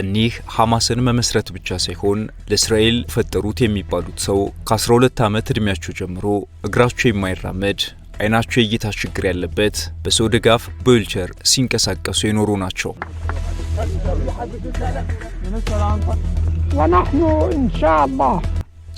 እኒህ ሐማስን መመስረት ብቻ ሳይሆን ለእስራኤል ፈጠሩት የሚባሉት ሰው ከ12 ዓመት ዕድሜያቸው ጀምሮ እግራቸው የማይራመድ አይናቸው የእይታ ችግር ያለበት በሰው ድጋፍ በዊልቸር ሲንቀሳቀሱ የኖሩ ናቸው።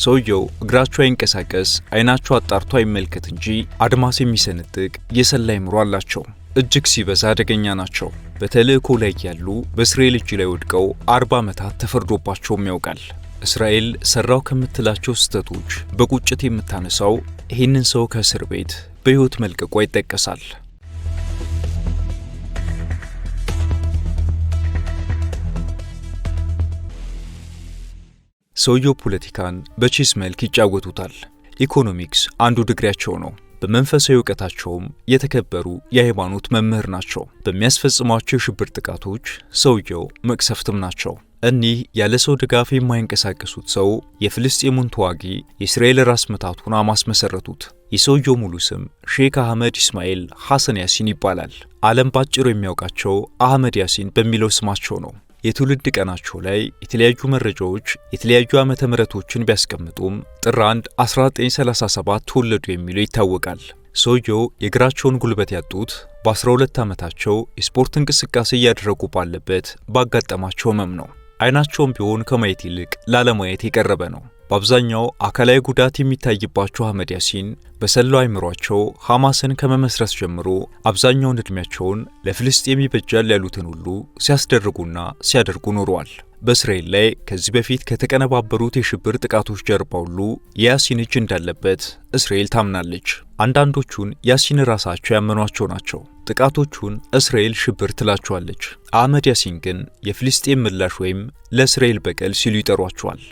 ሰውየው እግራቸው አይንቀሳቀስ፣ አይናቸው አጣርቶ አይመልከት እንጂ አድማስ የሚሰነጥቅ የሰላ አይምሮ አላቸው። እጅግ ሲበዛ አደገኛ ናቸው። በተልእኮ ላይ ያሉ በእስራኤል እጅ ላይ ወድቀው አርባ ዓመታት ተፈርዶባቸውም ያውቃል። እስራኤል ሰራው ከምትላቸው ስህተቶች በቁጭት የምታነሳው ይህንን ሰው ከእስር ቤት በሕይወት መልቀቋ ይጠቀሳል። ሰውየው ፖለቲካን በቼስ መልክ ይጫወቱታል። ኢኮኖሚክስ አንዱ ድግሪያቸው ነው። በመንፈሳዊ እውቀታቸውም የተከበሩ የሃይማኖት መምህር ናቸው። በሚያስፈጽሟቸው የሽብር ጥቃቶች ሰውየው መቅሰፍትም ናቸው። እኒህ ያለ ሰው ድጋፍ የማይንቀሳቀሱት ሰው የፍልስጤሙን ተዋጊ የእስራኤል ራስ ምታቱን ሐማስ የሰውየው ሙሉ ስም ሼክ አህመድ ኢስማኤል ሐሰን ያሲን ይባላል። ዓለም ባጭሩ የሚያውቃቸው አህመድ ያሲን በሚለው ስማቸው ነው። የትውልድ ቀናቸው ላይ የተለያዩ መረጃዎች የተለያዩ ዓመተ ምሕረቶችን ቢያስቀምጡም ጥር 1 1937 ተወለዱ የሚለው ይታወቃል። ሰውየው የእግራቸውን ጉልበት ያጡት በ12 ዓመታቸው የስፖርት እንቅስቃሴ እያደረጉ ባለበት ባጋጠማቸው ህመም ነው። አይናቸውም ቢሆን ከማየት ይልቅ ላለማየት የቀረበ ነው። በአብዛኛው አካላዊ ጉዳት የሚታይባቸው አህመድ ያሲን በሰላው አይምሯቸው ሐማስን ከመመስረት ጀምሮ አብዛኛውን ዕድሜያቸውን ለፍልስጤም ይበጃል ያሉትን ሁሉ ሲያስደርጉና ሲያደርጉ ኖረዋል። በእስራኤል ላይ ከዚህ በፊት ከተቀነባበሩት የሽብር ጥቃቶች ጀርባ ሁሉ የያሲን እጅ እንዳለበት እስራኤል ታምናለች። አንዳንዶቹን ያሲን ራሳቸው ያመኗቸው ናቸው። ጥቃቶቹን እስራኤል ሽብር ትላቸዋለች። አህመድ ያሲን ግን የፍልስጤም ምላሽ ወይም ለእስራኤል በቀል ሲሉ ይጠሯቸዋል።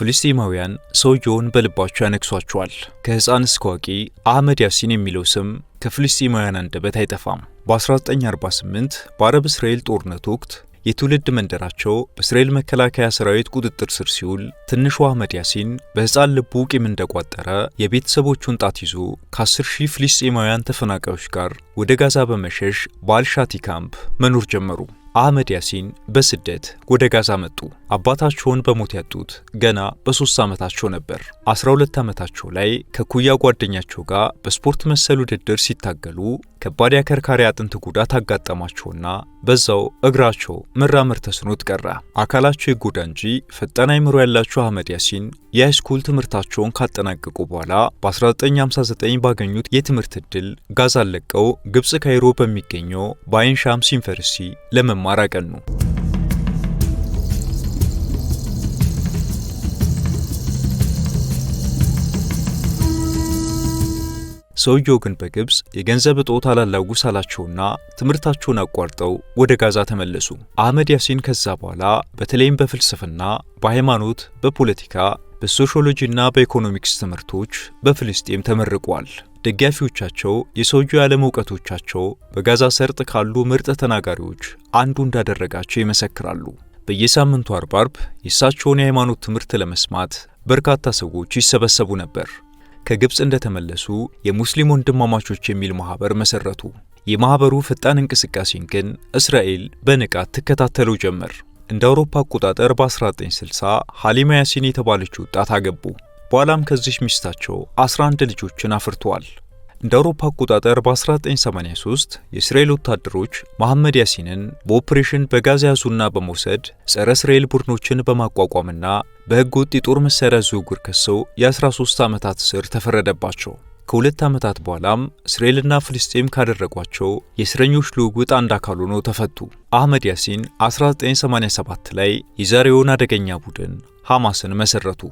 ፍልስጤማውያን ሰውየውን በልባቸው ያነግሷቸዋል። ከሕፃን እስከ አዋቂ አህመድ ያሲን የሚለው ስም ከፍልስጤማውያን አንደበት አይጠፋም። በ1948 በአረብ እስራኤል ጦርነት ወቅት የትውልድ መንደራቸው በእስራኤል መከላከያ ሰራዊት ቁጥጥር ስር ሲውል ትንሹ አህመድ ያሲን በሕፃን ልቡ ቂም እንደቋጠረ የቤተሰቦቹን ጣት ይዞ ከ10 ሺህ ፍልስጤማውያን ተፈናቃዮች ጋር ወደ ጋዛ በመሸሽ በአልሻቲ ካምፕ መኖር ጀመሩ። አህመድ ያሲን በስደት ወደ ጋዛ መጡ። አባታቸውን በሞት ያጡት ገና በሶስት ዓመታቸው ነበር። 12 ዓመታቸው ላይ ከኩያ ጓደኛቸው ጋር በስፖርት መሰል ውድድር ሲታገሉ ከባድ የአከርካሪ አጥንት ጉዳት አጋጠማቸውና በዛው እግራቸው መራመር ተስኖት ቀራ። አካላቸው ይጎዳ እንጂ ፈጣን አይምሮ ያላቸው አህመድ ያሲን የስኩል ትምህርታቸውን ካጠናቀቁ በኋላ በ1959 ባገኙት የትምህርት ዕድል ጋዛን ለቀው ግብፅ ካይሮ በሚገኘው በአይን ሻምስ ዩኒቨርሲቲ ለመማር አቀኑ። ሰውየው ግን በግብፅ የገንዘብ እጦት አላላጉስ አላቸውና ትምህርታቸውን አቋርጠው ወደ ጋዛ ተመለሱ። አህመድ ያሲን ከዛ በኋላ በተለይም በፍልስፍና፣ በሃይማኖት፣ በፖለቲካ እና በኢኮኖሚክስ ትምህርቶች በፍልስጤም ተመርቋል። ደጋፊዎቻቸው የሰውየው ዓለም እውቀቶቻቸው በጋዛ ሰርጥ ካሉ ምርጥ ተናጋሪዎች አንዱ እንዳደረጋቸው ይመሰክራሉ። በየሳምንቱ አርብ አርብ የእሳቸውን የሃይማኖት ትምህርት ለመስማት በርካታ ሰዎች ይሰበሰቡ ነበር። ከግብፅ እንደተመለሱ የሙስሊም ወንድማማቾች የሚል ማኅበር መሠረቱ። የማኅበሩ ፈጣን እንቅስቃሴን ግን እስራኤል በንቃት ትከታተለው ጀመር። እንደ አውሮፓ አቆጣጠር በ1960 ሀሊማ ያሲን የተባለች ወጣት አገቡ። በኋላም ከዚች ሚስታቸው 11 ልጆችን አፍርተዋል። እንደ አውሮፓ አቆጣጠር በ1983 የእስራኤል ወታደሮች መሐመድ ያሲንን በኦፕሬሽን በጋዝ ያዙና በመውሰድ ጸረ እስራኤል ቡድኖችን በማቋቋምና በሕገ ወጥ የጦር መሣሪያ ዝውውር ከሰው የ13 ዓመታት እስር ተፈረደባቸው። ከሁለት ዓመታት በኋላም እስራኤልና ፍልስጤም ካደረጓቸው የእስረኞች ልውውጥ አንድ አካል ሆኖ ተፈቱ። አህመድ ያሲን 1987 ላይ የዛሬውን አደገኛ ቡድን ሐማስን መሰረቱ።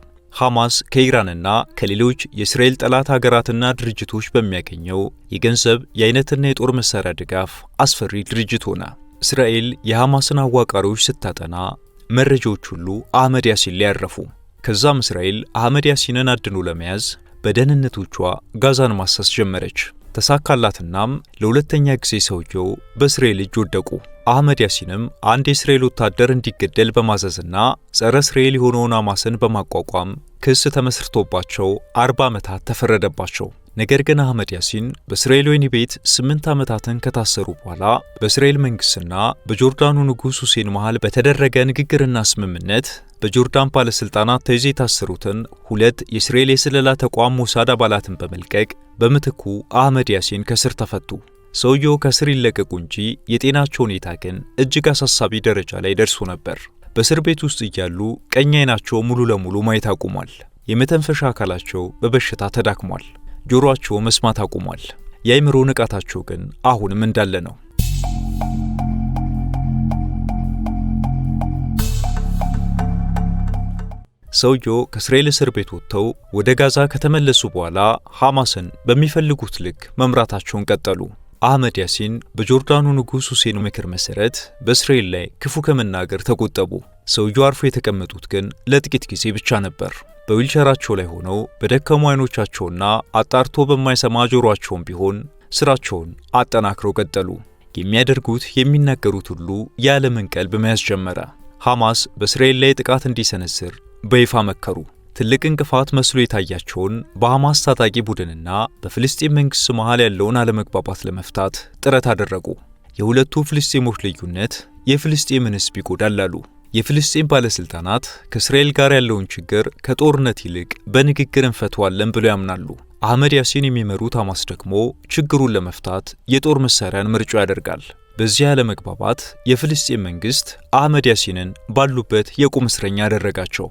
ሐማስ ከኢራንና ከሌሎች የእስራኤል ጠላት ሀገራትና ድርጅቶች በሚያገኘው የገንዘብ የአይነትና የጦር መሳሪያ ድጋፍ አስፈሪ ድርጅት ሆነ። እስራኤል የሐማስን አዋቃሪዎች ስታጠና መረጃዎች ሁሉ አህመድ ያሲን ላይ ያረፉ። ከዛም እስራኤል አህመድ ያሲንን አድኖ ለመያዝ በደህንነቶቿ ጋዛን ማሰስ ጀመረች። ተሳካላትናም ለሁለተኛ ጊዜ ሰውየው በእስራኤል እጅ ወደቁ። አህመድ ያሲንም አንድ የእስራኤል ወታደር እንዲገደል በማዘዝና ጸረ እስራኤል የሆነውን አማስን በማቋቋም ክስ ተመስርቶባቸው አርባ ዓመታት ተፈረደባቸው። ነገር ግን አህመድ ያሲን በእስራኤል ወህኒ ቤት ስምንት ዓመታትን ከታሰሩ በኋላ በእስራኤል መንግሥትና በጆርዳኑ ንጉሥ ሁሴን መሃል በተደረገ ንግግርና ስምምነት በጆርዳን ባለሥልጣናት ተይዘው የታሰሩትን ሁለት የእስራኤል የስለላ ተቋም ሞሳድ አባላትን በመልቀቅ በምትኩ አህመድ ያሲን ከስር ተፈቱ። ሰውየው ከስር ይለቀቁ እንጂ የጤናቸው ሁኔታ ግን እጅግ አሳሳቢ ደረጃ ላይ ደርሶ ነበር። በእስር ቤት ውስጥ እያሉ ቀኝ ዓይናቸው ሙሉ ለሙሉ ማየት አቁሟል። የመተንፈሻ አካላቸው በበሽታ ተዳክሟል። ጆሮአቸው መስማት አቁሟል። የአይምሮ ንቃታቸው ግን አሁንም እንዳለ ነው። ሰውየው ከእስራኤል እስር ቤት ወጥተው ወደ ጋዛ ከተመለሱ በኋላ ሐማስን በሚፈልጉት ልክ መምራታቸውን ቀጠሉ። አህመድ ያሲን በጆርዳኑ ንጉሥ ሁሴን ምክር መሠረት በእስራኤል ላይ ክፉ ከመናገር ተቆጠቡ። ሰውየው አርፎ የተቀመጡት ግን ለጥቂት ጊዜ ብቻ ነበር። በዊልቸራቸው ላይ ሆነው በደከሙ አይኖቻቸውና አጣርቶ በማይሰማ ጆሮአቸውም ቢሆን ስራቸውን አጠናክረው ቀጠሉ። የሚያደርጉት የሚናገሩት ሁሉ የዓለምን ቀልብ መያዝ ጀመረ። ሐማስ በእስራኤል ላይ ጥቃት እንዲሰነዝር በይፋ መከሩ። ትልቅ እንቅፋት መስሎ የታያቸውን በሐማስ ታጣቂ ቡድንና በፍልስጤም መንግሥት መሃል ያለውን አለመግባባት ለመፍታት ጥረት አደረጉ። የሁለቱ ፍልስጤሞች ልዩነት የፍልስጤምን ሕዝብ ይጎዳል አሉ። የፍልስጤም ባለስልጣናት ከእስራኤል ጋር ያለውን ችግር ከጦርነት ይልቅ በንግግር እንፈተዋለን ብለው ያምናሉ። አህመድ ያሲን የሚመሩት ሐማስ ደግሞ ችግሩን ለመፍታት የጦር መሳሪያን ምርጫ ያደርጋል። በዚህ አለመግባባት የፍልስጤም መንግስት አህመድ ያሲንን ባሉበት የቁም እስረኛ ያደረጋቸው።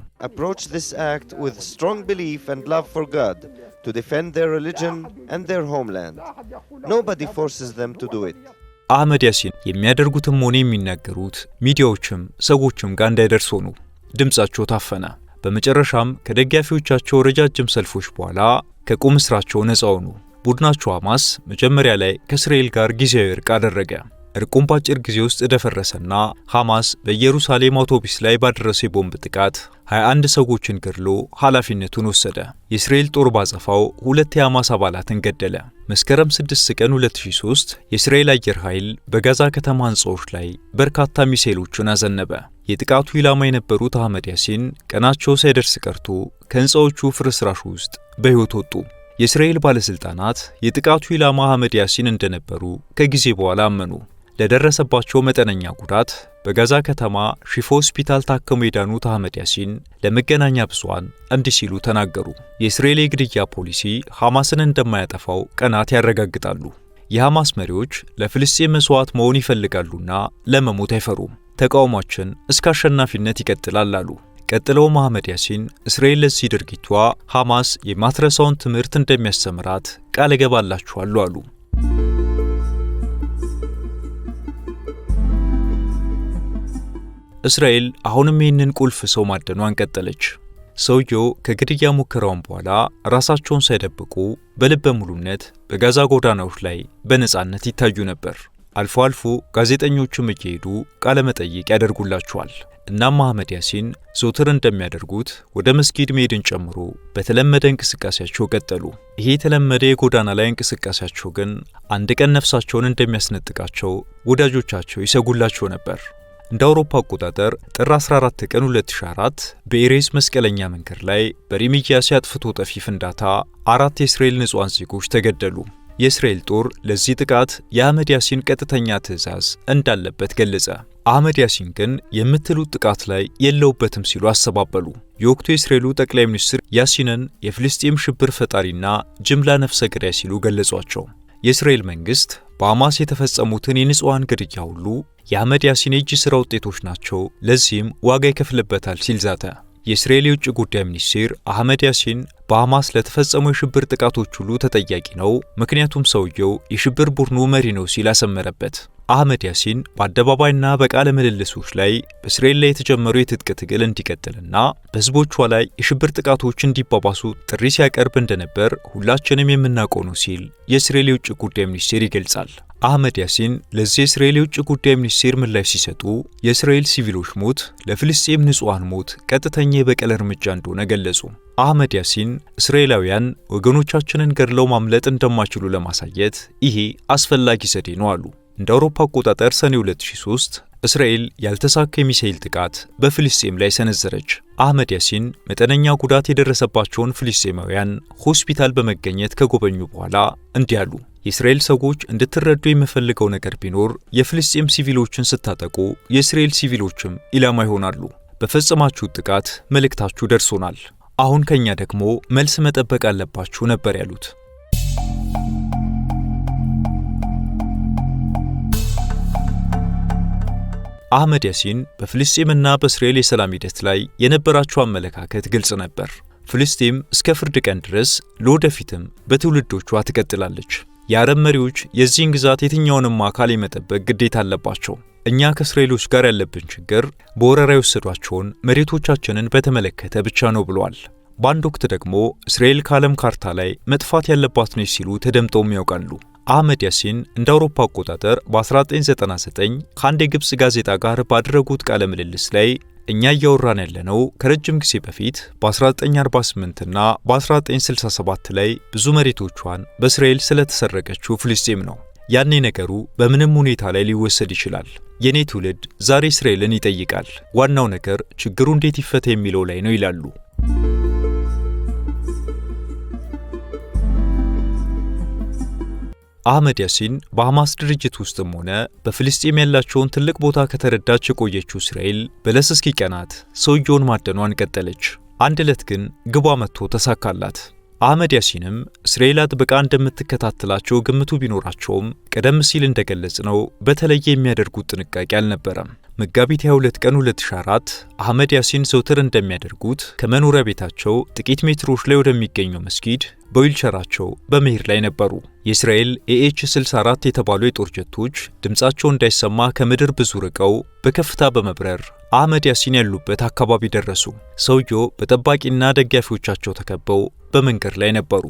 አህመድ ያሲን የሚያደርጉትም ሆነ የሚናገሩት ሚዲያዎችም ሰዎችም ጋር እንዳይደርስ ሆኑ። ድምጻቸው ታፈነ። በመጨረሻም ከደጋፊዎቻቸው ረጃጅም ሰልፎች በኋላ ከቁም እስራቸው ነፃ ሆኑ። ቡድናቸው ሐማስ መጀመሪያ ላይ ከእስራኤል ጋር ጊዜያዊ እርቅ አደረገ። እርቁም በአጭር ጊዜ ውስጥ ደፈረሰና ሐማስ በኢየሩሳሌም አውቶቡስ ላይ ባደረሰ የቦምብ ጥቃት 21 ሰዎችን ገድሎ ኃላፊነቱን ወሰደ። የእስራኤል ጦር ባጸፋው ሁለት የሐማስ አባላትን ገደለ። መስከረም 6 ቀን 2003 የእስራኤል አየር ኃይል በጋዛ ከተማ ሕንፃዎች ላይ በርካታ ሚሳኤሎችን አዘነበ። የጥቃቱ ኢላማ የነበሩት አህመድ ያሲን ቀናቸው ሳይደርስ ቀርቶ ከሕንፃዎቹ ፍርስራሽ ውስጥ በሕይወት ወጡ። የእስራኤል ባለሥልጣናት የጥቃቱ ኢላማ አህመድ ያሲን እንደነበሩ ከጊዜ በኋላ አመኑ። ለደረሰባቸው መጠነኛ ጉዳት በጋዛ ከተማ ሺፎ ሆስፒታል ታከሙ የዳኑት አህመድ ያሲን ለመገናኛ ብዙሃን እንዲህ ሲሉ ተናገሩ። የእስራኤል የግድያ ፖሊሲ ሐማስን እንደማያጠፋው ቀናት ያረጋግጣሉ። የሐማስ መሪዎች ለፍልስጤም መሥዋዕት መሆን ይፈልጋሉና ለመሞት አይፈሩም። ተቃውሟችን እስከ አሸናፊነት ይቀጥላል አሉ። ቀጥለው መሐመድ ያሲን እስራኤል ለዚህ ድርጊቷ ሐማስ የማትረሳውን ትምህርት እንደሚያስተምራት ቃል እገባላችኋለሁ አሉ። እስራኤል አሁንም ይህንን ቁልፍ ሰው ማደኗን ቀጠለች። ሰውየው ከግድያ ሙከራውን በኋላ ራሳቸውን ሳይደብቁ በልበ ሙሉነት በጋዛ ጎዳናዎች ላይ በነፃነት ይታዩ ነበር። አልፎ አልፎ ጋዜጠኞችም እየሄዱ ቃለ መጠይቅ ያደርጉላቸዋል። እናም አህመድ ያሲን ዘውትር እንደሚያደርጉት ወደ መስጊድ መሄድን ጨምሮ በተለመደ እንቅስቃሴያቸው ቀጠሉ። ይሄ የተለመደ የጎዳና ላይ እንቅስቃሴያቸው ግን አንድ ቀን ነፍሳቸውን እንደሚያስነጥቃቸው ወዳጆቻቸው ይሰጉላቸው ነበር። እንደ አውሮፓ አቆጣጠር ጥር 14 ቀን 2004 በኤሬዝ መስቀለኛ መንገድ ላይ በሪሚጊያስ አጥፍቶ ጠፊ ፍንዳታ አራት የእስራኤል ንጹሐን ዜጎች ተገደሉ። የእስራኤል ጦር ለዚህ ጥቃት የአህመድ ያሲን ቀጥተኛ ትዕዛዝ እንዳለበት ገለጸ። አህመድ ያሲን ግን የምትሉት ጥቃት ላይ የለውበትም ሲሉ አሰባበሉ። የወቅቱ የእስራኤሉ ጠቅላይ ሚኒስትር ያሲንን የፍልስጤም ሽብር ፈጣሪና ጅምላ ነፍሰ ገዳይ ሲሉ ገለጿቸው። የእስራኤል መንግስት በሐማስ የተፈጸሙትን የንጹሐን ግድያ ሁሉ የአህመድ ያሲን የእጅ ሥራ ውጤቶች ናቸው፣ ለዚህም ዋጋ ይከፍልበታል ሲል ዛተ። የእስራኤል የውጭ ጉዳይ ሚኒስቴር አህመድ ያሲን በሐማስ ለተፈጸሙ የሽብር ጥቃቶች ሁሉ ተጠያቂ ነው፣ ምክንያቱም ሰውየው የሽብር ቡድኑ መሪ ነው ሲል አሰመረበት። አህመድ ያሲን በአደባባይና በቃለ ምልልሶች ላይ በእስራኤል ላይ የተጀመሩ የትጥቅ ትግል እንዲቀጥልና በህዝቦቿ ላይ የሽብር ጥቃቶች እንዲባባሱ ጥሪ ሲያቀርብ እንደነበር ሁላችንም የምናውቀው ነው ሲል የእስራኤል የውጭ ጉዳይ ሚኒስቴር ይገልጻል። አህመድ ያሲን ለዚህ የእስራኤል የውጭ ጉዳይ ሚኒስቴር ምላሽ ሲሰጡ የእስራኤል ሲቪሎች ሞት ለፍልስጤም ንጹሐን ሞት ቀጥተኛ የበቀል እርምጃ እንደሆነ ገለጹ። አህመድ ያሲን እስራኤላውያን ወገኖቻችንን ገድለው ማምለጥ እንደማይችሉ ለማሳየት ይሄ አስፈላጊ ዘዴ ነው አሉ። እንደ አውሮፓ አቆጣጠር ሰኔ 2003 እስራኤል ያልተሳካ የሚሳኤል ጥቃት በፊልስጤም ላይ ሰነዘረች። አህመድ ያሲን መጠነኛ ጉዳት የደረሰባቸውን ፊልስጤማውያን ሆስፒታል በመገኘት ከጎበኙ በኋላ እንዲህ አሉ። የእስራኤል ሰዎች እንድትረዱ የምፈልገው ነገር ቢኖር የፊልስጤም ሲቪሎችን ስታጠቁ የእስራኤል ሲቪሎችም ኢላማ ይሆናሉ። በፈጸማችሁት ጥቃት መልእክታችሁ ደርሶናል። አሁን ከኛ ደግሞ መልስ መጠበቅ አለባችሁ ነበር ያሉት። አህመድ ያሲን በፍልስጤምና በእስራኤል የሰላም ሂደት ላይ የነበራቸው አመለካከት ግልጽ ነበር። ፍልስጤም እስከ ፍርድ ቀን ድረስ ለወደፊትም በትውልዶቿ ትቀጥላለች። የአረብ መሪዎች የዚህን ግዛት የትኛውንም አካል የመጠበቅ ግዴታ አለባቸው። እኛ ከእስራኤሎች ጋር ያለብን ችግር በወረራ የወሰዷቸውን መሬቶቻችንን በተመለከተ ብቻ ነው ብለዋል። በአንድ ወቅት ደግሞ እስራኤል ከዓለም ካርታ ላይ መጥፋት ያለባት ነች ሲሉ ተደምጠውም ያውቃሉ። አህመድ ያሲን እንደ አውሮፓ አቆጣጠር በ1999 ከአንድ የግብፅ ጋዜጣ ጋር ባደረጉት ቃለ ምልልስ ላይ እኛ እያወራን ያለነው ከረጅም ጊዜ በፊት በ1948 እና በ1967 ላይ ብዙ መሬቶቿን በእስራኤል ስለተሰረቀችው ፍልስጤም ነው። ያኔ ነገሩ በምንም ሁኔታ ላይ ሊወሰድ ይችላል። የኔ ትውልድ ዛሬ እስራኤልን ይጠይቃል። ዋናው ነገር ችግሩ እንዴት ይፈታ የሚለው ላይ ነው ይላሉ። አህመድ ያሲን በሐማስ ድርጅት ውስጥም ሆነ በፍልስጤም ያላቸውን ትልቅ ቦታ ከተረዳች የቆየችው እስራኤል በለስ ቀናት ሰውየውን ማደኗን ቀጠለች። አንድ ዕለት ግን ግቧ መጥቶ ተሳካላት። አህመድ ያሲንም እስራኤል አጥብቃ እንደምትከታተላቸው ግምቱ ቢኖራቸውም ቀደም ሲል እንደገለጽ ነው በተለየ የሚያደርጉት ጥንቃቄ አልነበረም። መጋቢት 22 ቀን 2004 አህመድ ያሲን ዘውትር እንደሚያደርጉት ከመኖሪያ ቤታቸው ጥቂት ሜትሮች ላይ ወደሚገኘው መስጊድ በዊልቸራቸው በመሄድ ላይ ነበሩ። የእስራኤል ኤኤች 64 የተባሉ የጦር ጀቶች ድምፃቸው እንዳይሰማ ከምድር ብዙ ርቀው በከፍታ በመብረር አህመድ ያሲን ያሉበት አካባቢ ደረሱ። ሰውየው በጠባቂና ደጋፊዎቻቸው ተከበው በመንገድ ላይ ነበሩ።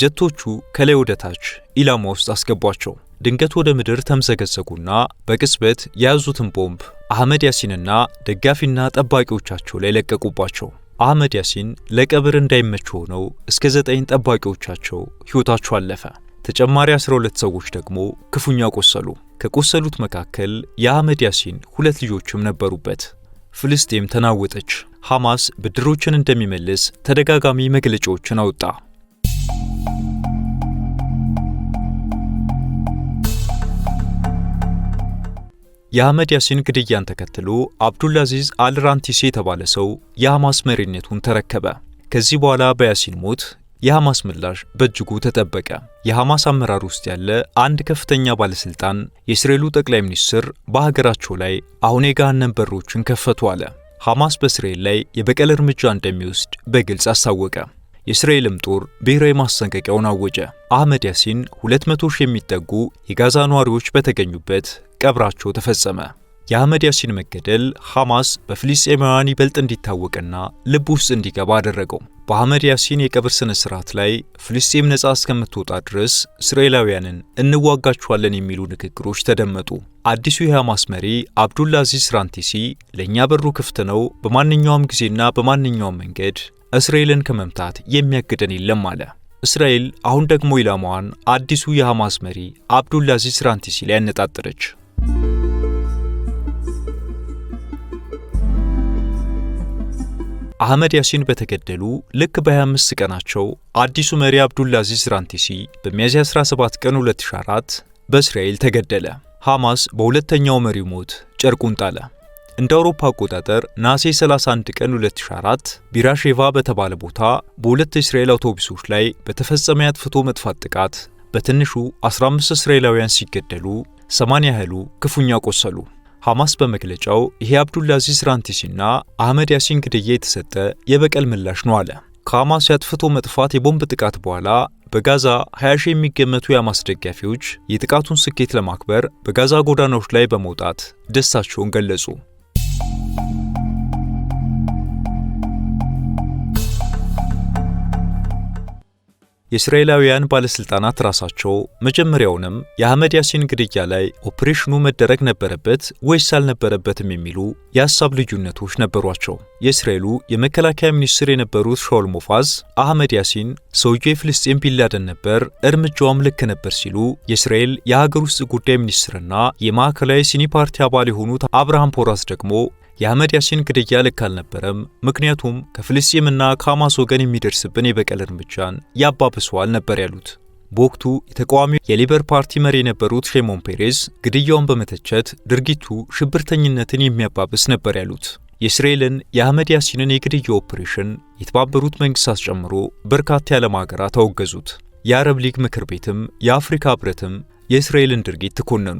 ጀቶቹ ከላይ ወደ ታች ኢላማ ውስጥ አስገቧቸው። ድንገት ወደ ምድር ተምዘገዘጉና በቅጽበት የያዙትን ቦምብ አህመድ ያሲንና ደጋፊና ጠባቂዎቻቸው ላይ ለቀቁባቸው። አህመድ ያሲን ለቀብር እንዳይመች ሆነው እስከ ዘጠኝ ጠባቂዎቻቸው ሕይወታቸው አለፈ። ተጨማሪ 12 ሰዎች ደግሞ ክፉኛ ቆሰሉ። ከቆሰሉት መካከል የአህመድ ያሲን ሁለት ልጆችም ነበሩበት። ፍልስጤም ተናወጠች። ሐማስ ብድሮችን እንደሚመልስ ተደጋጋሚ መግለጫዎችን አወጣ። የአህመድ ያሲን ግድያን ተከትሎ አብዱልአዚዝ አልራንቲሲ የተባለ ሰው የሐማስ መሪነቱን ተረከበ። ከዚህ በኋላ በያሲን ሞት የሐማስ ምላሽ በእጅጉ ተጠበቀ። የሐማስ አመራር ውስጥ ያለ አንድ ከፍተኛ ባለሥልጣን የእስራኤሉ ጠቅላይ ሚኒስትር በሀገራቸው ላይ አሁን የገሃነም በሮችን ከፈቱ አለ። ሐማስ በእስራኤል ላይ የበቀል እርምጃ እንደሚወስድ በግልጽ አስታወቀ። የእስራኤልም ጦር ብሔራዊ ማስጠንቀቂያውን አወጀ። አህመድ ያሲን 200 ሺህ የሚጠጉ የጋዛ ነዋሪዎች በተገኙበት ቀብራቸው ተፈጸመ። የአህመድ ያሲን መገደል ሐማስ በፊልስጤማውያን ይበልጥ እንዲታወቅና ልብ ውስጥ እንዲገባ አደረገው። በአህመድ ያሲን የቀብር ስነ ስርዓት ላይ ፍልስጤም ነጻ እስከምትወጣ ድረስ እስራኤላውያንን እንዋጋችኋለን የሚሉ ንግግሮች ተደመጡ። አዲሱ የሐማስ መሪ አብዱል አዚዝ ራንቲሲ ለእኛ በሩ ክፍት ነው፣ በማንኛውም ጊዜና በማንኛውም መንገድ እስራኤልን ከመምታት የሚያግደን የለም አለ። እስራኤል አሁን ደግሞ ኢላማዋን አዲሱ የሐማስ መሪ አብዱላዚዝ ራንቲሲ ላይ ያነጣጠረች። አህመድ ያሲን በተገደሉ ልክ በ25 ቀናቸው አዲሱ መሪ አብዱላዚዝ ራንቲሲ በሚያዝያ 17 ቀን 2004 በእስራኤል ተገደለ። ሐማስ በሁለተኛው መሪው ሞት ጨርቁን ጣለ። እንደ አውሮፓ አቆጣጠር ነሐሴ 31 ቀን 2004 ቢራሼቫ በተባለ ቦታ በሁለት እስራኤል አውቶቡሶች ላይ በተፈጸመ ያጥፍቶ መጥፋት ጥቃት በትንሹ 15 እስራኤላውያን ሲገደሉ 80 ያህሉ ክፉኛ ቆሰሉ። ሐማስ በመግለጫው ይሄ አብዱልአዚዝ ራንቲሲና አህመድ ያሲን ግድያ የተሰጠ የበቀል ምላሽ ነው አለ። ከሐማስ ያጥፍቶ መጥፋት የቦምብ ጥቃት በኋላ በጋዛ 20 ሺህ የሚገመቱ የሐማስ ደጋፊዎች የጥቃቱን ስኬት ለማክበር በጋዛ ጎዳናዎች ላይ በመውጣት ደስታቸውን ገለጹ። thank you የእስራኤላውያን ባለሥልጣናት ራሳቸው መጀመሪያውንም የአህመድ ያሲን ግድያ ላይ ኦፕሬሽኑ መደረግ ነበረበት ወይስ አልነበረበትም የሚሉ የሐሳብ ልዩነቶች ነበሯቸው። የእስራኤሉ የመከላከያ ሚኒስትር የነበሩት ሻውል ሞፋዝ አህመድ ያሲን ሰውዬው የፍልስጤም ቢላደን ነበር፣ እርምጃውም ልክ ነበር ሲሉ የእስራኤል የሀገር ውስጥ ጉዳይ ሚኒስትርና የማዕከላዊ ሲኒ ፓርቲ አባል የሆኑት አብርሃም ፖራስ ደግሞ የአህመድ ያሲን ግድያ ልክ አልነበረም። ምክንያቱም ከፍልስጤምና ከሐማስ ወገን የሚደርስብን የበቀል እርምጃን ያባብሰዋል ነበር ያሉት። በወቅቱ የተቃዋሚ የሊበር ፓርቲ መሪ የነበሩት ሼሞን ፔሬዝ ግድያውን በመተቸት ድርጊቱ ሽብርተኝነትን የሚያባብስ ነበር ያሉት። የእስራኤልን የአህመድ ያሲንን የግድያ ኦፕሬሽን የተባበሩት መንግሥታት ጨምሮ በርካታ የዓለም ሀገራት አወገዙት። የአረብ ሊግ ምክር ቤትም የአፍሪካ ኅብረትም የእስራኤልን ድርጊት ትኮነኑ።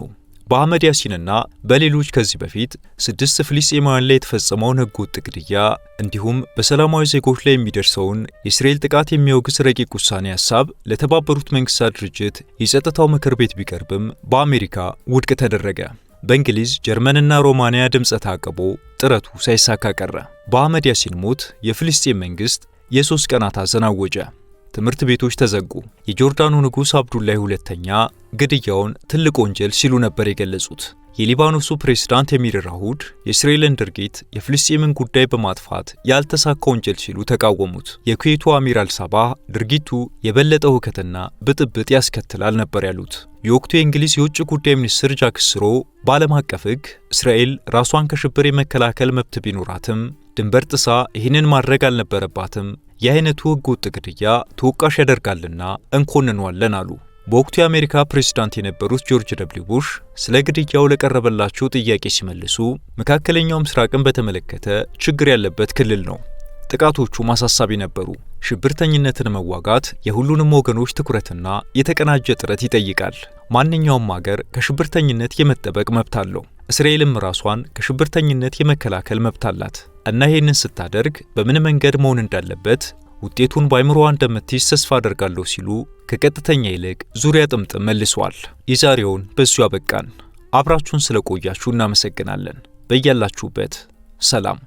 በአህመድ ያሲንና በሌሎች ከዚህ በፊት ስድስት ፍልስጤማውያን ላይ የተፈጸመውን ህገወጥ ግድያ እንዲሁም በሰላማዊ ዜጎች ላይ የሚደርሰውን የእስራኤል ጥቃት የሚያወግዝ ረቂቅ ውሳኔ ሀሳብ ለተባበሩት መንግስታት ድርጅት የጸጥታው ምክር ቤት ቢቀርብም በአሜሪካ ውድቅ ተደረገ። በእንግሊዝ ጀርመንና ሮማንያ ድምፀ ተአቅቦ ጥረቱ ሳይሳካ ቀረ። በአህመድ ያሲን ሞት የፍልስጤም መንግስት የሶስት ቀናት ሐዘን አወጀ። ትምህርት ቤቶች ተዘጉ። የጆርዳኑ ንጉሥ አብዱላይ ሁለተኛ ግድያውን ትልቅ ወንጀል ሲሉ ነበር የገለጹት። የሊባኖሱ ፕሬዝዳንት የሚር ራሁድ የእስራኤልን ድርጊት የፍልስጤምን ጉዳይ በማጥፋት ያልተሳካ ወንጀል ሲሉ ተቃወሙት። የኩዌቱ አሚር አልሳባህ ድርጊቱ የበለጠ ሁከትና ብጥብጥ ያስከትላል ነበር ያሉት። የወቅቱ የእንግሊዝ የውጭ ጉዳይ ሚኒስትር ጃክ ስሮ በዓለም አቀፍ ሕግ እስራኤል ራሷን ከሽብር የመከላከል መብት ቢኖራትም ድንበር ጥሳ ይህንን ማድረግ አልነበረባትም የአይነቱ ወጥ ግድያ ተወቃሽ ያደርጋልና እንኮንኗለን አሉ። በወቅቱ የአሜሪካ ፕሬዝዳንት የነበሩት ጆርጅ ደብሊው ቡሽ ስለ ግድያው ለቀረበላቸው ጥያቄ ሲመልሱ መካከለኛው ምስራቅን በተመለከተ ችግር ያለበት ክልል ነው። ጥቃቶቹ ማሳሳቢ ነበሩ። ሽብርተኝነትን መዋጋት የሁሉንም ወገኖች ትኩረትና የተቀናጀ ጥረት ይጠይቃል። ማንኛውም አገር ከሽብርተኝነት የመጠበቅ መብት አለው። እስራኤልም ራሷን ከሽብርተኝነት የመከላከል መብት አላት እና ይህንን ስታደርግ በምን መንገድ መሆን እንዳለበት ውጤቱን በአይምሮዋ እንደምትይዝ ተስፋ አደርጋለሁ ሲሉ ከቀጥተኛ ይልቅ ዙሪያ ጥምጥም መልሰዋል። የዛሬውን በዚሁ አበቃን። አብራችሁን ስለቆያችሁ እናመሰግናለን። በያላችሁበት ሰላም